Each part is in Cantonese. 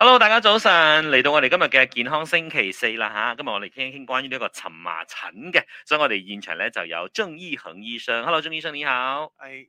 Hello，大家早晨，嚟到我哋今日嘅健康星期四啦吓，今日我哋傾一傾關於呢個蕁麻疹嘅，所以我哋現場呢就有張依恒醫生，Hello，張醫生你好。I...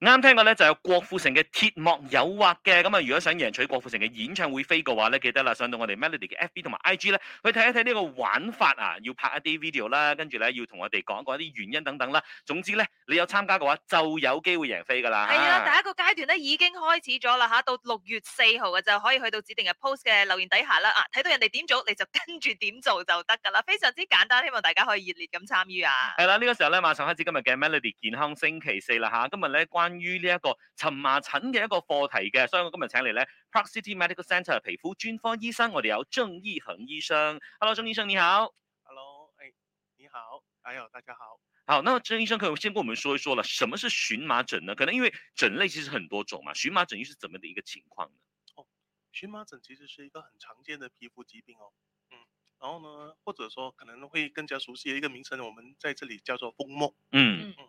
啱聽過咧，就有郭富城嘅鐵幕誘惑嘅，咁啊，如果想贏取郭富城嘅演唱會飛嘅話咧，記得啦，上到我哋 Melody 嘅 FB 同埋 IG 咧，去睇一睇呢個玩法啊，要拍一啲 video 啦，跟住咧要同我哋講講一啲原因等等啦，總之咧，你有參加嘅話就有機會贏飛噶啦。係啊，第一個階段咧已經開始咗啦吓，到六月四號嘅就可以去到指定嘅 post 嘅留言底下啦，啊，睇到人哋點做你就跟住點做就得噶啦，非常之簡單，希望大家可以熱烈咁參與啊。係啦，呢個時候咧馬上開始今日嘅 Melody 健康星期四啦吓，今日咧關。關於呢一個蕁麻疹嘅一個課題嘅，所以我今日請嚟咧 Park City Medical Center 皮膚專科醫生，我哋有鄭義恒醫生，hello 鄭醫生你好，hello，誒，你好，哎呦、hey,，know, 大家好，好，那鄭醫生可以先跟我們說一說了，什麼是蕁麻疹呢？可能因為疹類其實很多種嘛，蕁麻疹又是怎麼樣的一個情況呢？哦，蕁麻疹其實是一個很常見的皮膚疾病哦，嗯，然後呢，或者說可能會更加熟悉嘅一個名稱，我們在這裡叫做風膜，嗯嗯。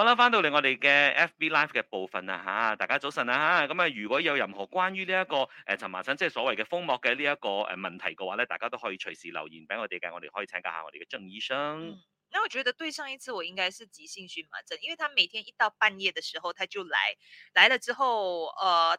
好啦，翻到嚟我哋嘅 FB Live 嘅部分啊，吓，大家早晨啊，吓，咁啊，如果有任何關於呢一個誒蕁麻疹，即係所謂嘅風漠嘅呢一個誒問題嘅話咧，大家都可以隨時留言俾我哋嘅，我哋可以請教下我哋嘅鄭醫生。嗯，那我覺得對上一次我應該是急性蕁麻疹，因為他每天一到半夜嘅時候他就來，來了之後，誒、呃。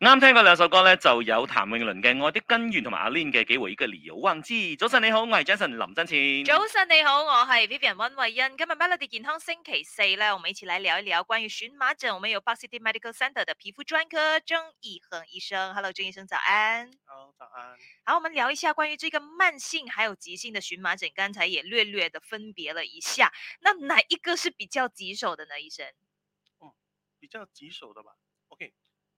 啱聽過兩首歌咧，就有譚詠麟嘅《愛的根源》同埋阿 l i n 嘅《機位嘅《理由忘緊之》。早晨你好，我係 Jason 林振前。早晨你好，我係 Vivian 溫慧欣。今日 Melody 健康星期四咧，我們一起來聊一聊關於蕁麻疹。我們有 ParkCity Medical Center 的皮膚專科曾以恒醫生。Hello，曾醫生早安。好，早安。好，我們聊一下關於這個慢性還有急性的蕁麻疹，剛才也略略的分別了一下。那哪一個是比較棘手的呢，醫生？嗯、哦，比較棘手的吧。OK。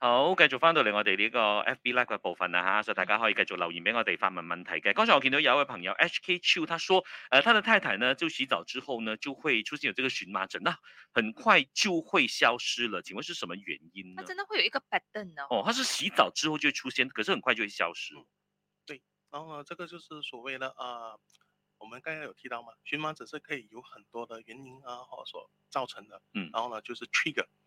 好，繼續翻到嚟我哋呢個 F B Live、like、嘅部分啦，吓、啊，所以大家可以繼續留言俾我哋發問問題嘅。剛才我見到有一位朋友 H K Chiu 他說，誒、呃，他的太太呢就洗澡之後呢就會出現有這個蕁麻疹，那很快就會消失了。請問是什麼原因呢？佢真的會有一個 pattern 咯、哦？哦，佢係洗澡之後就會出現，可是很快就會消失、嗯。對，然後呢，這個就是所謂的啊、呃，我們剛才有提到嘛，蕁麻疹是可以有很多的原因啊，或所造成的。嗯，然後呢，就是 trigger。嗯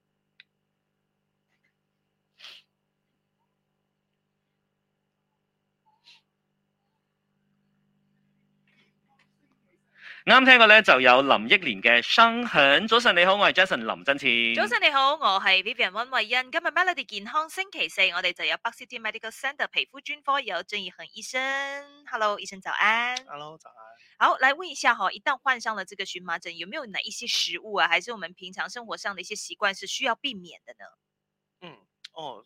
啱聽過咧，就有林憶蓮嘅《聲響》。早晨你好，我係 Jason 林振前。早晨你好，我係 Vivian 溫慧欣。今日 Melody 健康星期四，我哋就有 Box City Medical Center 皮膚專科有鄭義恒醫生，Hello 醫生早安。Hello 早安。好，嚟問一下哈，一旦患上了這個蕁麻疹，有沒有哪一些食物啊，還是我們平常生活上的一些習慣是需要避免的呢？嗯，哦。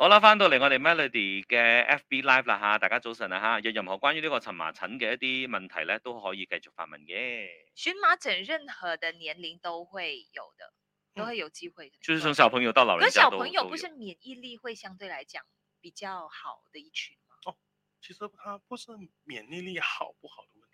好啦，翻到嚟我哋 Melody 嘅 FB Live 啦吓，大家早晨啊吓，有任何關於呢個蕁麻疹嘅一啲問題咧，都可以繼續發問嘅。蕁麻疹任何嘅年齡都會有的，嗯、都會有機會嘅，就是從小朋友到老人家。小朋友不是免疫力會相對嚟講比較好的一群嗎？哦，其實佢不是免疫力好不好的。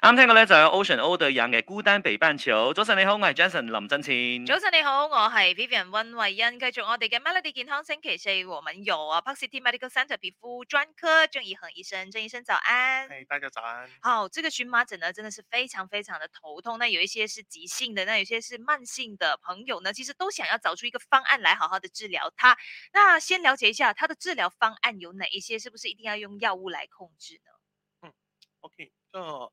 啱聽過咧就有 Ocean O d e r 洋嘅孤單北半球。早晨你好，我係 Jason 林振清。早晨你好，我係 Vivian 溫慧欣。繼續我哋嘅 Melody 健康星期四，先我們有啊 Paxity Medical Center 皮膚專科鄭怡恆醫生。鄭醫生早安。誒，大家早安。好，這個蕁麻疹呢，真的是非常非常的頭痛。那有一些是急性的，那有些是慢性的。朋友呢，其實都想要找出一個方案來好好的治療它。那先了解一下它的治療方案有哪一些，是不是一定要用藥物來控制呢？嗯，OK，就 so...。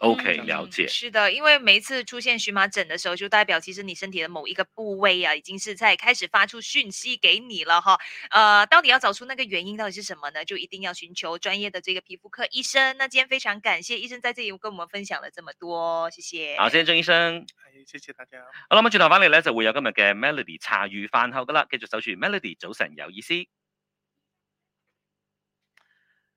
O.K.、嗯、了解，是的，因為每一次出現蕁麻疹的時候，就代表其實你身體的某一個部位啊，已經是在開始發出訊息給你了哈。呃，到底要找出那個原因，到底是什麼呢？就一定要尋求專業的這個皮膚科醫生。那今天非常感謝醫生在這裏跟我們分享了這麼多，謝謝。好，謝謝，鍾醫生，係，謝謝大家。好那，咁轉頭翻嚟咧，就會有今日嘅 Melody 茶餘飯後噶啦，繼續守住 Melody，早晨有意思。